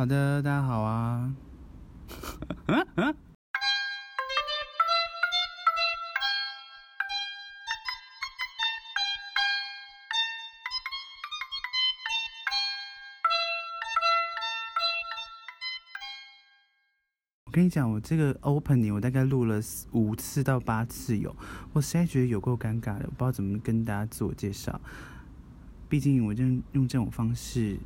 好的，大家好啊！我跟你講，我這個 opening 我大概錄了五次到八次有，我實在覺得有夠尷尬的，我不知道怎麼跟大家自我介紹。畢竟我就用這種方式。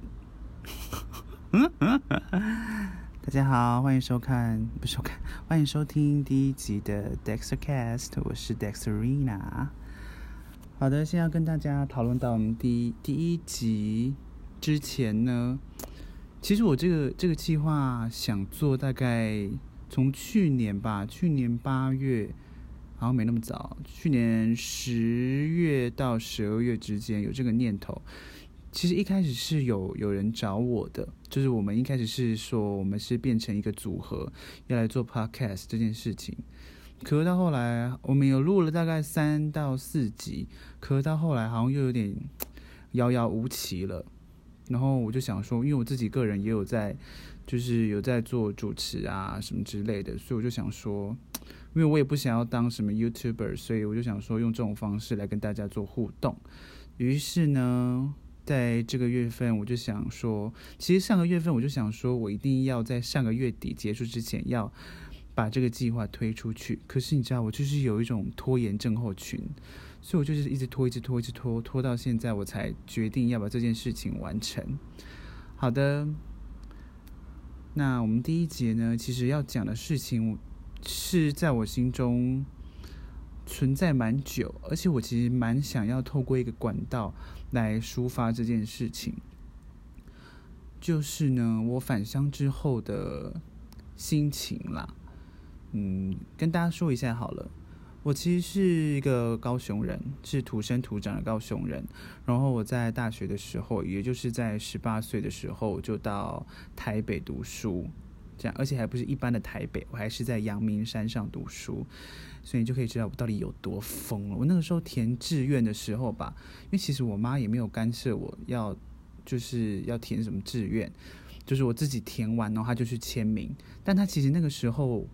大家好，歡迎收看，不收看，歡迎收聽第一集的 Daxercast，我是 Daxerina。好的，先要跟大家討論到我們第一第一集之前呢，其實我這個這個計劃想做，大概從去年吧，去年八月，好像沒那麼早，去年十月到十二月之間有這個念頭。其實一開始是有有人找我的，就是我們一開始是說我們是變成一個組合，要來做 podcast 這件事情。可是到後來，我們有錄了大概三到四集，可是到後來好像又有點遙遙無期了。然後我就想說，因為我自己個人也有在，就是有在做主持啊什麼之類的，所以我就想說，因為我也不想要當什麼 YouTuber，所以我就想說用這種方式來跟大家做互動。於是呢。在這個月份，我就想說，其實上個月份我就想說，我一定要在上個月底結束之前，要把這個計劃推出去。可是你知道，我就是有一種拖延症候群，所以我就是一直拖，一直拖，一直拖，拖到現在我才決定要把這件事情完成。好的，那我們第一集呢，其實要講的事情是在我心中存在蠻久，而且我其實蠻想要透過一個管道。來抒發這件事情，就是呢，我返鄉之後的心情啦。嗯，跟大家說一下好了，我其實是一個高雄人，是土生土長的高雄人。然後我在大學的時候，也就是在十八歲的時候，就到台北讀書。這樣，而且還不是一般的台北，我還是在陽明山上讀書，所以你就可以知道我到底有多瘋了。我那個時候填志願的時候吧，因為其實我媽也沒有干涉我要就是要填什麼志願，就是我自己填完的話就去簽名。但她其實那個時候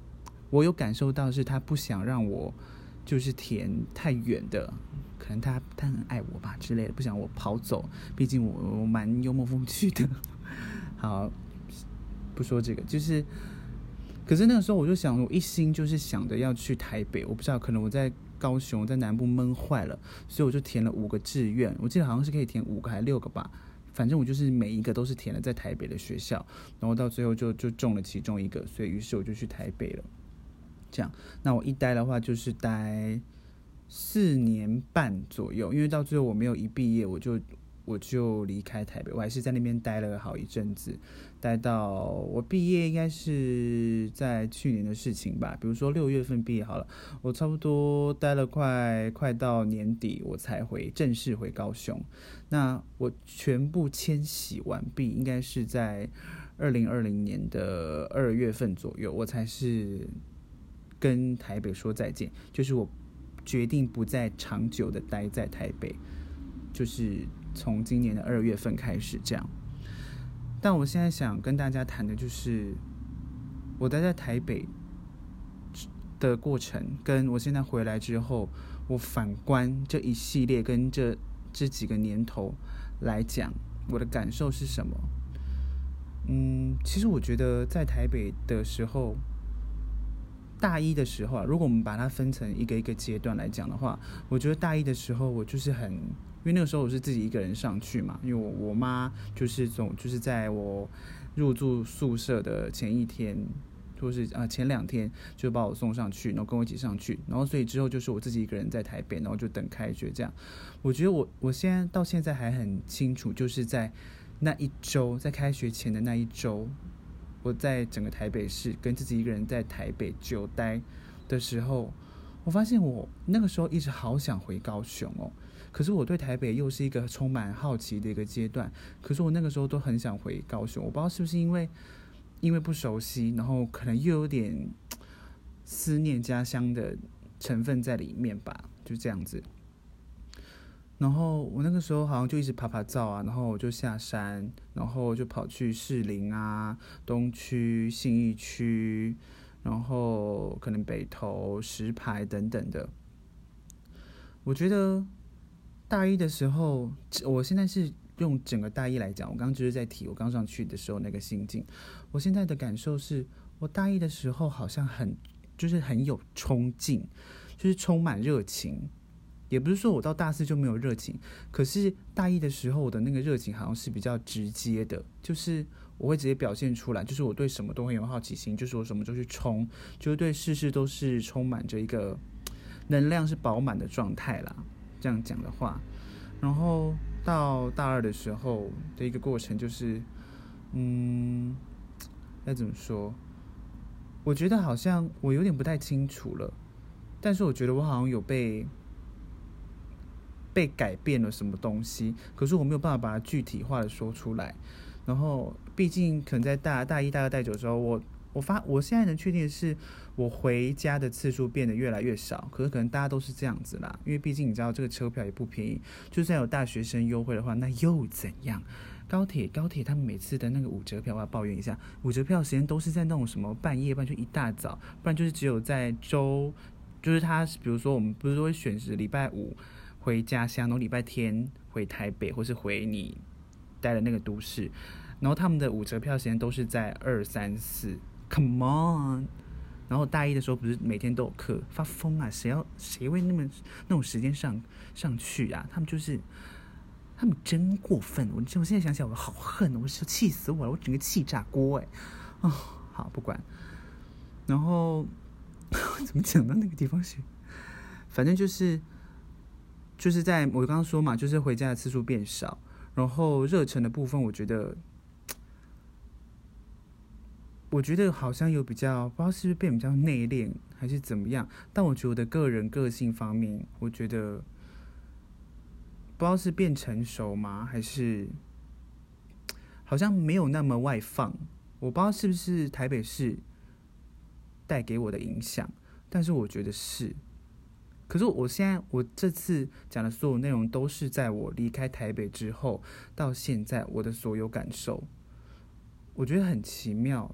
我有感受到是她不想讓我就是填太遠的，可能她她很愛我吧之類的，不想我跑走。畢竟我我蠻幽默風趣的，好。不說這個，就是，可是那個時候我就想，我一心就是想着要去台北。我不知道，可能我在高雄，在南部悶壞了，所以我就填了五個志願。我記得好像是可以填五個還是六個吧，反正我就是每一個都是填了在台北的學校，然後到最後就就中了其中一個，所以於是我就去台北了。這樣，那我一待的話就是待四年半左右，因為到最後我沒有一畢業我就。我就離開台北，我還是在那邊待了好一陣子，待到我畢業，應該是在去年的事情吧。比如說六月份畢業好了，我差不多待了快快到年底，我才回正式回高雄。那我全部遷徙完畢，應該是在二零二零年的二月份左右，我才是跟台北說再見，就是我決定不再長久的待在台北，就是。從今年的二月份開始這樣，但我現在想跟大家談的就是，我待在，在台北的過程，跟我現在回來之後，我反觀這一系列跟這這幾個年頭來講，我的感受是什麼？嗯，其實我覺得在台北的時候，大一的時候啊，如果我們把它分成一個一個階段來講的話，我覺得大一的時候我就是很。因為那個時候我是自己一個人上去嘛，因為我我媽就是總，就是在我入住宿舍的前一天，或、就是啊、呃、前兩天就把我送上去，然後跟我一起上去，然後所以之後就是我自己一個人在台北，然後就等開學這樣。我覺得我我現在到現在還很清楚，就是在那一周，在開學前的那一周，我在整個台北市跟自己一個人在台北久待的時候，我發現我那個時候一直好想回高雄哦。可是我對台北又是一個充滿好奇的一個階段。可是我那個時候都很想回高雄，我不知道是不是因為因為不熟悉，然後可能又有點思念家鄉的成分在裡面吧，就這樣子。然後我那個時候好像就一直爬爬照啊，然後我就下山，然後就跑去士林啊、東區、信義區，然後可能北投、石牌等等的。我覺得。大一的時候，我現在是用整個大一來講。我剛剛就是在提我剛上去的時候那個心境。我現在的感受是，我大一的時候好像很，就是很有衝勁，就是充滿熱情。也不是說我到大四就沒有熱情，可是大一的時候我的那個熱情好像是比較直接的，就是我會直接表現出來，就是我對什麼都很有好奇心，就是我什麼都去衝，就是對事事都是充滿着一個能量是飽滿的狀態啦。這樣講的話，然後到大二的時候的一個過程就是，嗯，該怎麼說？我覺得好像我有點不太清楚了，但是我覺得我好像有被被改變了什麼東西，可是我沒有辦法把它具體化的說出來。然後，畢竟可能在大大一大二待久的時候，我我發我現在能確定的是。我回家的次數變得越來越少，可是可能大家都是這樣子啦，因為畢竟你知道這個車票也不便宜，就算有大學生優惠的話，那又怎樣？高鐵高鐵，他們每次的那個五折票我要抱怨一下，五折票時間都是在那種什麼半夜、不然就一大早，不然就是只有在周，就是他比如說我們不是都會選擇禮拜五回家鄉，然後禮拜天回台北或是回你待的那個都市，然後他們的五折票時間都是在二三四，Come on。然後大一的時候不是每天都有課，發瘋啊！誰要誰會那麼那種時間上上去啊？他們就是他們真過分！我我現在想起來我好恨，我是氣死我了，我整個氣炸鍋哎、欸！哦，好不管，然後怎麼講到那個地方去？反正就是就是在我剛剛說嘛，就是回家的次數變少，然後熱忱的部分，我覺得。我覺得好像有比較，不知道是不是變比較內斂還是怎麼樣。但我覺得個人個性方面，我覺得不知道是變成熟嗎？還是好像沒有那麼外放。我不知道是不是台北市帶給我的影響，但是我覺得是。可是我現在我這次講的所有內容都是在我離開台北之後到現在我的所有感受，我覺得很奇妙。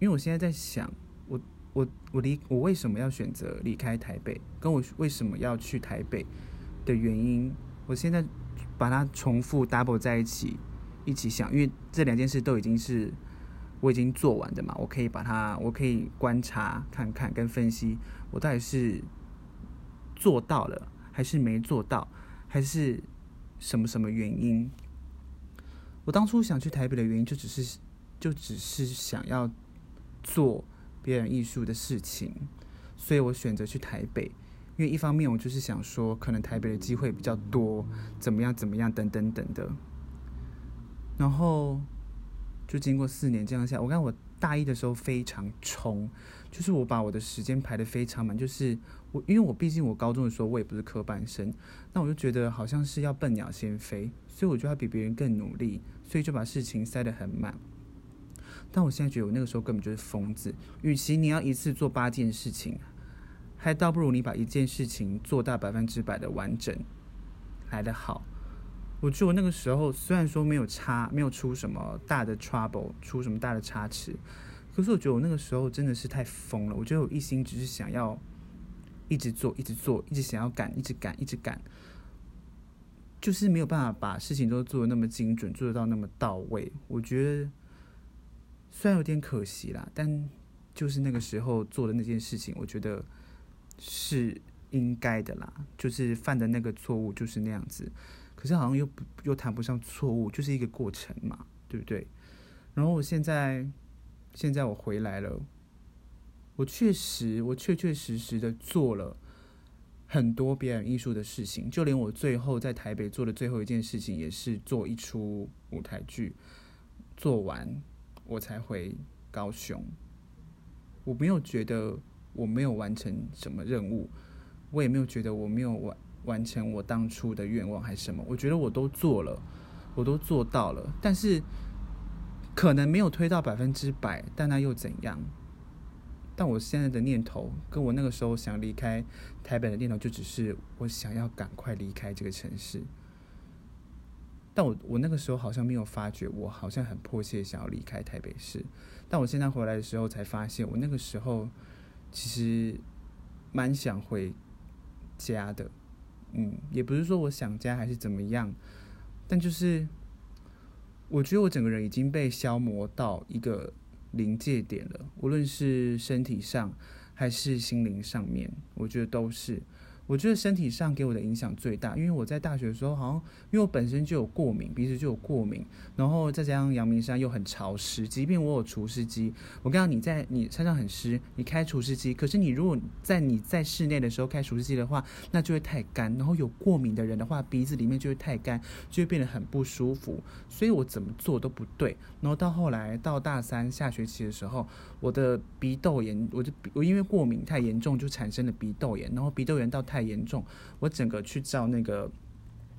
因為我現在在想，我我我離我為什麼要選擇離開台北，跟我為什麼要去台北的原因，我現在把它重複 double 在一起，一起想，因為這兩件事都已經是我已經做完的嘛，我可以把它，我可以觀察看看跟分析，我到底是做到了還是沒做到，還是什麼什麼原因？我當初想去台北的原因，就只是就只是想要。做別人藝術的事情，所以我選擇去台北，因為一方面我就是想說，可能台北的機會比較多，怎麼樣怎麼樣等等等等的。然後就經過四年這樣下，我看我大一的時候非常衝，就是我把我的時間排得非常滿，就是我因為我畢竟我高中的時候我也不是科班生，那我就覺得好像是要笨鳥先飛，所以我就要比別人更努力，所以就把事情塞得很滿。但我現在覺得我那個時候根本就是瘋子。與其你要一次做八件事情，還倒不如你把一件事情做到百分之百的完整來得好。我覺得我那個時候雖然說沒有差，沒有出什麼大的 trouble，出什麼大的差池，可是我覺得我那個時候真的是太瘋了。我覺得我一心只是想要一直做，一直做，一直想要趕，一直趕，一直趕，就是沒有辦法把事情都做得那麼精準，做得到那麼到位。我覺得。雖然有點可惜啦，但就是那個時候做的那件事情，我覺得是應該的啦。就是犯的那個錯誤就是那樣子，可是好像又不又談不上錯誤，就是一個過程嘛，對不對？然後我現在現在我回來了，我確實我確確實實的做了很多表演藝術的事情，就連我最後在台北做的最後一件事情，也是做一出舞台劇，做完。我才回高雄，我沒有覺得我沒有完成什麼任務，我也沒有覺得我沒有完完成我當初的願望還是什麼，我覺得我都做了，我都做到了，但是可能沒有推到百分之百，但那又怎樣？但我現在的念頭跟我那個時候想離開台北的念頭，就只是我想要趕快離開這個城市。但我我那個時候好像沒有發覺，我好像很迫切想要離開台北市。但我現在回來的時候才發現，我那個時候其實蠻想回家的。嗯，也不是說我想家還是怎麼樣，但就是我覺得我整個人已經被消磨到一個臨界點了，無論是身體上還是心靈上面，我覺得都是。我覺得身體上給我的影響最大，因為我在大學的時候，好像因為我本身就有過敏，鼻子就有過敏，然後再加上陽明山又很潮濕，即便我有除濕機，我告訴你在，在你身上很濕，你開除濕機，可是你如果在你在室內的時候開除濕機的話，那就會太乾，然後有過敏的人的話，鼻子裡面就會太乾，就會變得很不舒服，所以我怎麼做都不對，然後到後來到大三下學期的時候，我的鼻竇炎，我就我因為過敏太嚴重，就產生了鼻竇炎，然後鼻竇炎到太。嚴重，我整個去照那個，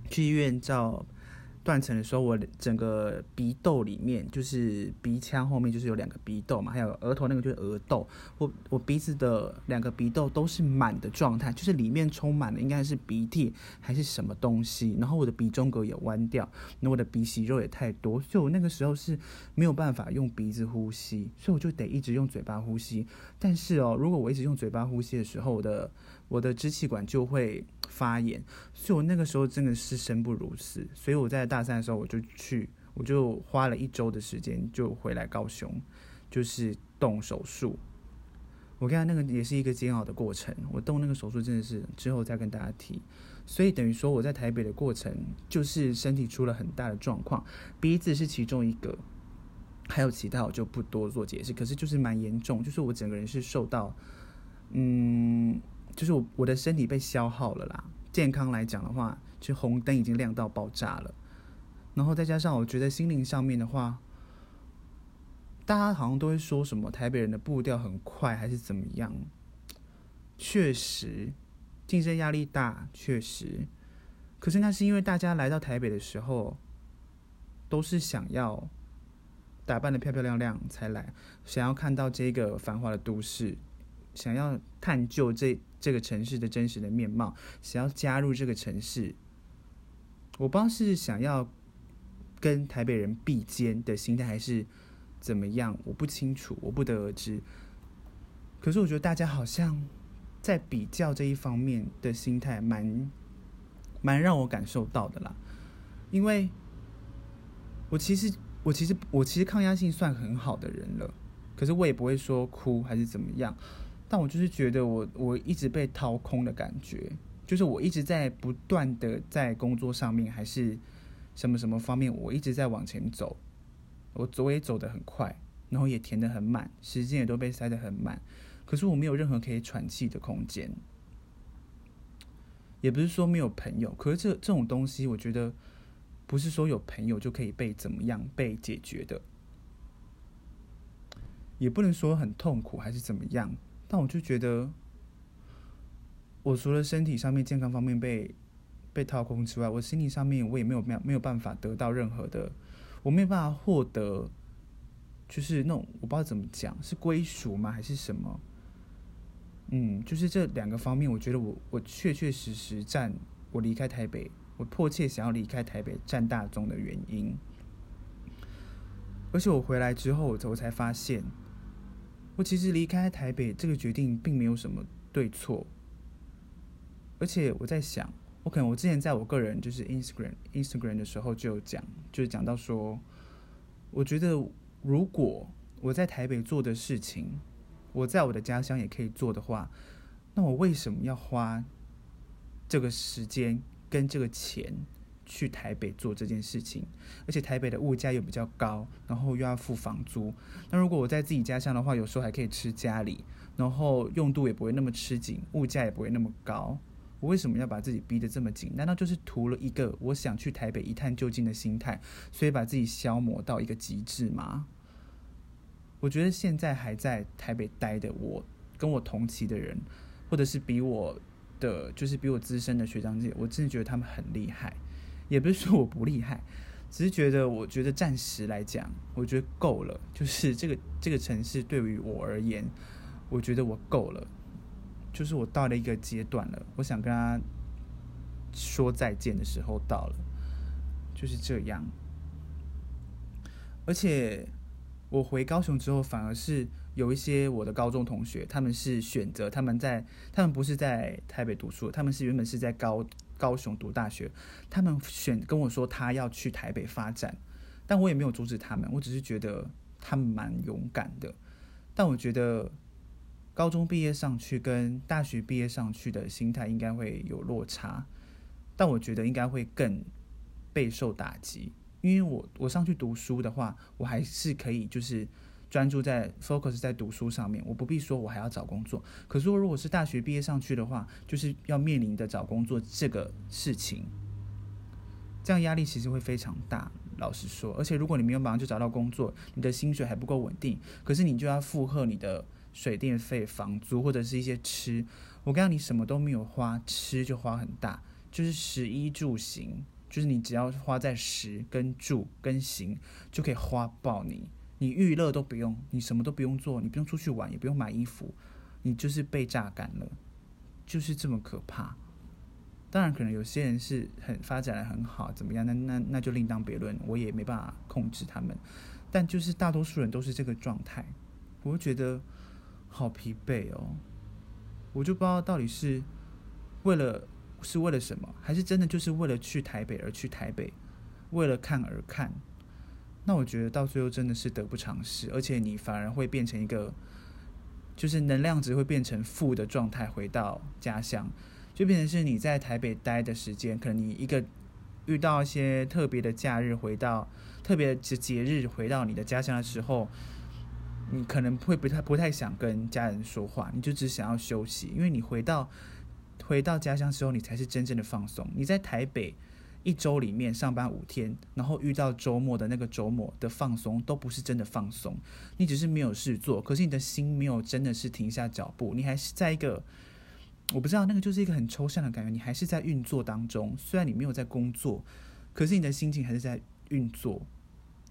去醫院照斷層的時候，我整個鼻竇裡面，就是鼻腔後面，就是有兩個鼻竇嘛，還有額頭那個就是額竇。我我鼻子的兩個鼻竇都是滿的狀態，就是裡面充滿了應該是鼻涕還是什麼東西。然後我的鼻中隔也彎掉，那我的鼻息肉也太多，所以我那個時候是沒有辦法用鼻子呼吸，所以我就得一直用嘴巴呼吸。但是哦，如果我一直用嘴巴呼吸的時候，我的我的支氣管就會。發炎，所以我那個時候真的是生不如死。所以我在大三的時候，我就去，我就花了一周的時間就回來高雄，就是動手術。我跟大家那個也是一個煎熬的過程。我動那個手術真的是之後再跟大家提。所以等於說我在台北的過程，就是身體出了很大的狀況，鼻子是其中一個，還有其他我就不多做解釋。可是就是蠻嚴重，就是我整個人是受到，嗯。就是我我的身體被消耗了啦，健康來講的話，其實紅燈已經亮到爆炸了。然後再加上我覺得心靈上面的話，大家好像都會說什麼台北人的步調很快還是怎麼樣？確實，競爭壓力大，確實。可是那是因為大家來到台北的時候，都是想要打扮得漂漂亮亮才來，想要看到這個繁華的都市，想要探究這。這個城市的真實的面貌，想要加入這個城市，我不知道是想要跟台北人比肩的心態，還是怎麼樣，我不清楚，我不得而知。可是我覺得大家好像在比較這一方面的心態蠻，蠻蠻讓我感受到的啦。因為我，我其實我其實我其實抗壓性算很好的人了，可是我也不會說哭還是怎麼樣。但我就是覺得我，我我一直被掏空的感覺，就是我一直在不斷的在工作上面，還是什麼什麼方面，我一直在往前走，我走也走得很快，然後也填得很滿，時間也都被塞得很滿，可是我沒有任何可以喘氣的空間。也不是說沒有朋友，可是這這種東西，我覺得不是說有朋友就可以被怎麼樣被解決的，也不能說很痛苦還是怎麼樣。但我就覺得，我除了身體上面健康方面被被掏空之外，我心理上面我也沒有沒沒有辦法得到任何的，我沒有辦法獲得，就是那種我不知道怎麼講，是歸屬嗎？還是什麼？嗯，就是這兩個方面，我覺得我我確確實實佔我離開台北，我迫切想要離開台北佔大宗的原因。而且我回來之後，我才發現。我其實離開台北這個決定並沒有什麼對錯，而且我在想，我可能我之前在我個人就是 Instagram Instagram 的時候就有講，就是講到說，我覺得如果我在台北做的事情，我在我的家鄉也可以做的話，那我為什麼要花這個時間跟這個錢？去台北做這件事情，而且台北的物價又比較高，然後又要付房租。那如果我在自己家鄉的話，有時候還可以吃家裡，然後用度也不會那麼吃緊，物價也不會那麼高。我為什麼要把自己逼得這麼緊？難道就是圖了一個我想去台北一探究竟的心態，所以把自己消磨到一個極致嗎？我覺得現在還在台北待的我，跟我同期的人，或者是比我的，就是比我資深的學長姐，我真的覺得他們很厲害。也不是說我不厲害，只是覺得我覺得暫時來講，我覺得夠了。就是這個這個城市對於我而言，我覺得我夠了。就是我到了一個階段了，我想跟他說再見的時候到了，就是這樣。而且我回高雄之後，反而是有一些我的高中同學，他們是選擇他們在，他們不是在台北讀書，他們是原本是在高。高雄讀大學，他們選跟我說他要去台北發展，但我也沒有阻止他們，我只是覺得他們蠻勇敢的。但我覺得高中畢業上去跟大學畢業上去的心態應該會有落差，但我覺得應該會更備受打擊，因為我我上去讀書的話，我還是可以就是。專注在 focus 在讀書上面，我不必說，我還要找工作。可是我如果是大學畢業上去的話，就是要面臨的找工作這個事情，這樣壓力其實會非常大。老實說，而且如果你沒有馬上就找到工作，你的薪水還不夠穩定，可是你就要負荷你的水電費、房租或者是一些吃。我告訴你，什麼都沒有花，吃就花很大，就是食衣住行，就是你只要花在食跟住跟行就可以花爆你。你娛樂都不用，你什麼都不用做，你不用出去玩，也不用買衣服，你就是被榨乾了，就是這麼可怕。當然，可能有些人是很發展的很好，怎麼樣？那那那就另當別論，我也沒辦法控制他們。但就是大多數人都是這個狀態，我就覺得好疲憊哦。我就不知道到底是為了是為了什麼，還是真的就是為了去台北而去台北，為了看而看。那我覺得到最後真的是得不償失，而且你反而會變成一個，就是能量值會變成負的狀態，回到家鄉，就變成是你在台北待的時間，可能你一個遇到一些特別的假日，回到特別節節日，回到你的家鄉的時候，你可能會不太不太想跟家人說話，你就只想要休息，因為你回到回到家鄉之後，你才是真正的放鬆。你在台北。一週裡面上班五天，然後遇到週末的那個週末的放鬆都不是真的放鬆，你只是沒有事做，可是你的心沒有真的是停下腳步，你還是在一個，我不知道，那個就是一個很抽象的感覺，你還是在運作當中，雖然你沒有在工作，可是你的心情還是在運作，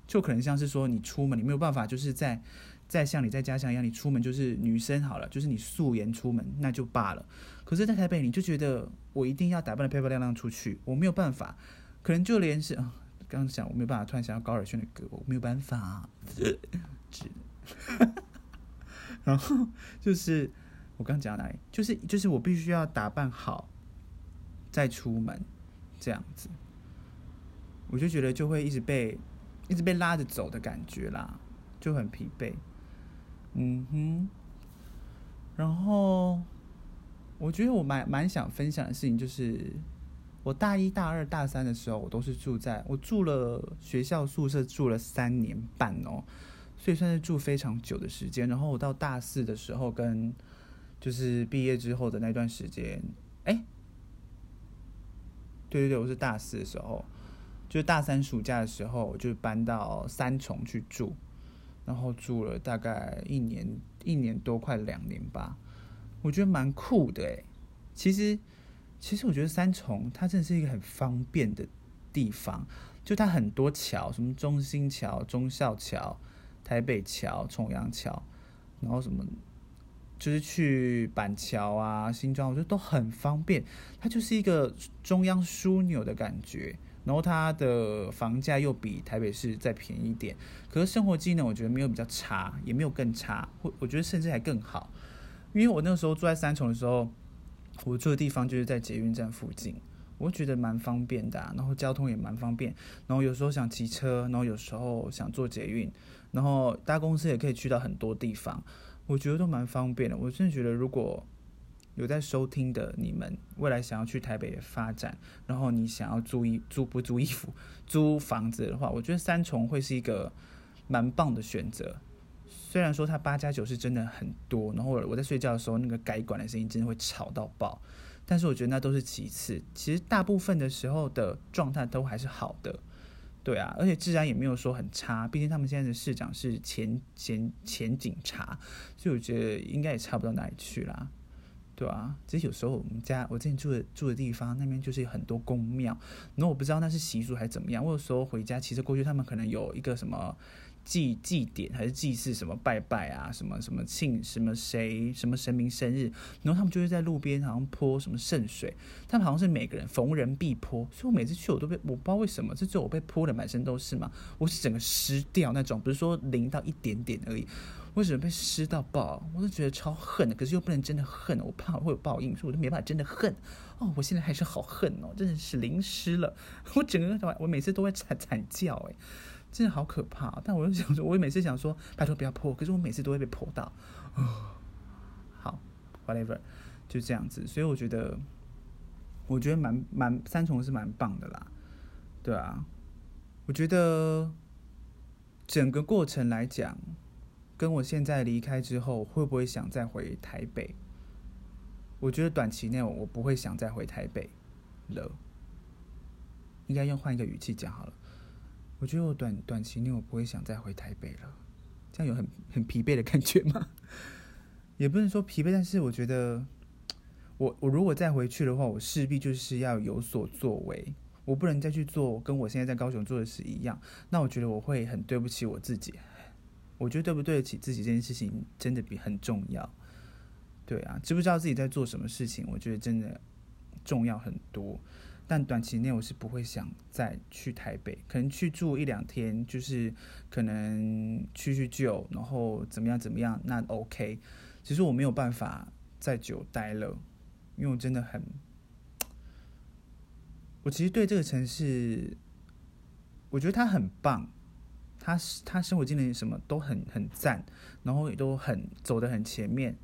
就可能像是說你出門，你沒有辦法就是在。再像你在家鄉一樣，你出門就是女生好了，就是你素顏出門那就罷了。可是，在台北你就覺得我一定要打扮得漂漂亮亮出去，我沒有辦法，可能就連是啊，剛、呃、想我沒有辦法，突然想到高爾宣的歌，我沒有辦法。 然後就是我剛講哪裡，就是就是我必須要打扮好再出門，這樣子，我就覺得就會一直被一直被拉着走的感覺啦，就很疲憊。嗯哼，然後我覺得我蠻蠻想分享的事情就是，我大一大二大三的時候，我都是住在我住了學校宿舍住了三年半哦，所以算是住非常久的時間。然後我到大四的時候跟就是畢業之後的那段時間，哎，對對對，我是大四的時候，就是大三暑假的時候我就搬到三重去住。然後住了大概一年，一年多快兩年吧，我覺得蠻酷的誒，其實，其實我覺得三重它真的是一個很方便的地方，就它很多橋，什麼中興橋、忠孝橋、台北橋、重陽橋，然後什麼就是去板橋啊、新莊、啊，我覺得都很方便。它就是一個中央樞紐的感覺。然後它的房價又比台北市再便宜一點，可是生活機能我覺得沒有比較差，也沒有更差，或我覺得甚至還更好。因為我那時候住在三重的時候，我住的地方就是在捷運站附近，我覺得蠻方便的啊。然後交通也蠻方便，然後有時候想騎車，然後有時候想坐捷運，然後搭公司也可以去到很多地方，我覺得都蠻方便的。我真的覺得如果。有在收聽的你們，未來想要去台北的發展，然後你想要租衣租不租衣服租房子的話，我覺得三重會是一個蠻棒的選擇。雖然說它八加九是真的很多，然後我在睡覺的時候那個改管的聲音真的會吵到爆，但是我覺得那都是其次。其實大部分的時候的狀態都還是好的，對啊，而且治安也沒有說很差。畢竟他們現在的市長是前前前警察，所以我覺得應該也差不到哪裡去啦。對啊，其實有時候我們家，我之前住的住的地方，那邊就是有很多宮廟，然後我不知道那是習俗還是怎麼樣。我有時候回家，騎車過去，他們可能有一個什麼。祭祭典還是祭祀什麼拜拜啊，什麼什麼慶什麼誰什麼神明生日，然後他們就會在路邊好像潑什麼聖水，他們好像是每個人逢人必潑，所以我每次去我都被我不知道為什麼，這就我被潑的滿身都是嘛，我是整個濕掉那種，不是說淋到一點點而已，為什麼被濕到爆？我都覺得超恨的，可是又不能真的恨，我怕會有報應，所以我都沒辦法真的恨。哦，我現在還是好恨哦，真的是淋濕了，我整個我每次都會慘慘叫誒、欸。真的好可怕，但我又想說，我也每次想說，拜托不要潑，可是我每次都會被潑到。Oh, 好，whatever，就這樣子。所以我覺得，我覺得蠻蠻三重是蠻棒的啦，對啊。我覺得整個過程來講，跟我現在離開之後，會不會想再回台北？我覺得短期內我不會想再回台北了，應該用換一個語氣講好了。我覺得我短短期內我不會想再回台北了，這樣有很很疲憊的感覺嗎？也不能說疲憊，但是我覺得我我如果再回去的話，我勢必就是要有所作為，我不能再去做跟我現在在高雄做的事一樣，那我覺得我會很對不起我自己。我覺得對不對得起自己這件事情真的比很重要。對啊，知不知道自己在做什麼事情，我覺得真的重要很多。但短期內我是不會想再去台北，可能去住一兩天，就是可能去敘舊，然後怎麼樣怎麼樣，那 OK。其實我沒有辦法再久待了，因為我真的很，我其實對這個城市，我覺得他很棒，他他生活經歷什麼都很很贊，然後也都很走得很前面。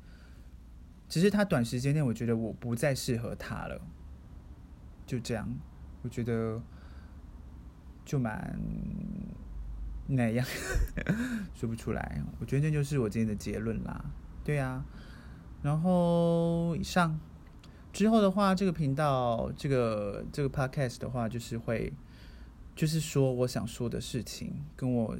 只是他短時間內，我覺得我不再適合他了。就這樣，我覺得就蠻那樣， 說不出來。我覺得這就是我今天的結論啦。對呀、啊，然後以上之後的話，這個頻道，這個這個 podcast 的話，就是會就是說我想說的事情，跟我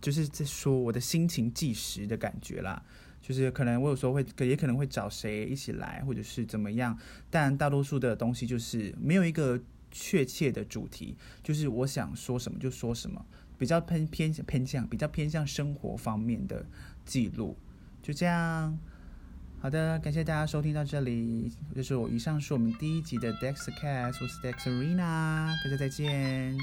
就是在說我的心情計時的感覺啦。就是可能我有時候會也可能會找誰一起來，或者是怎麼樣，但大多數的東西就是沒有一個確切的主題，就是我想說什麼就說什麼，比較偏偏偏向比較偏向生活方面的記錄，就這樣。好的，感謝大家收聽到這裡，就是我以上是我們第一集的 DAXERCAST，我是 Daxerina，大家再見。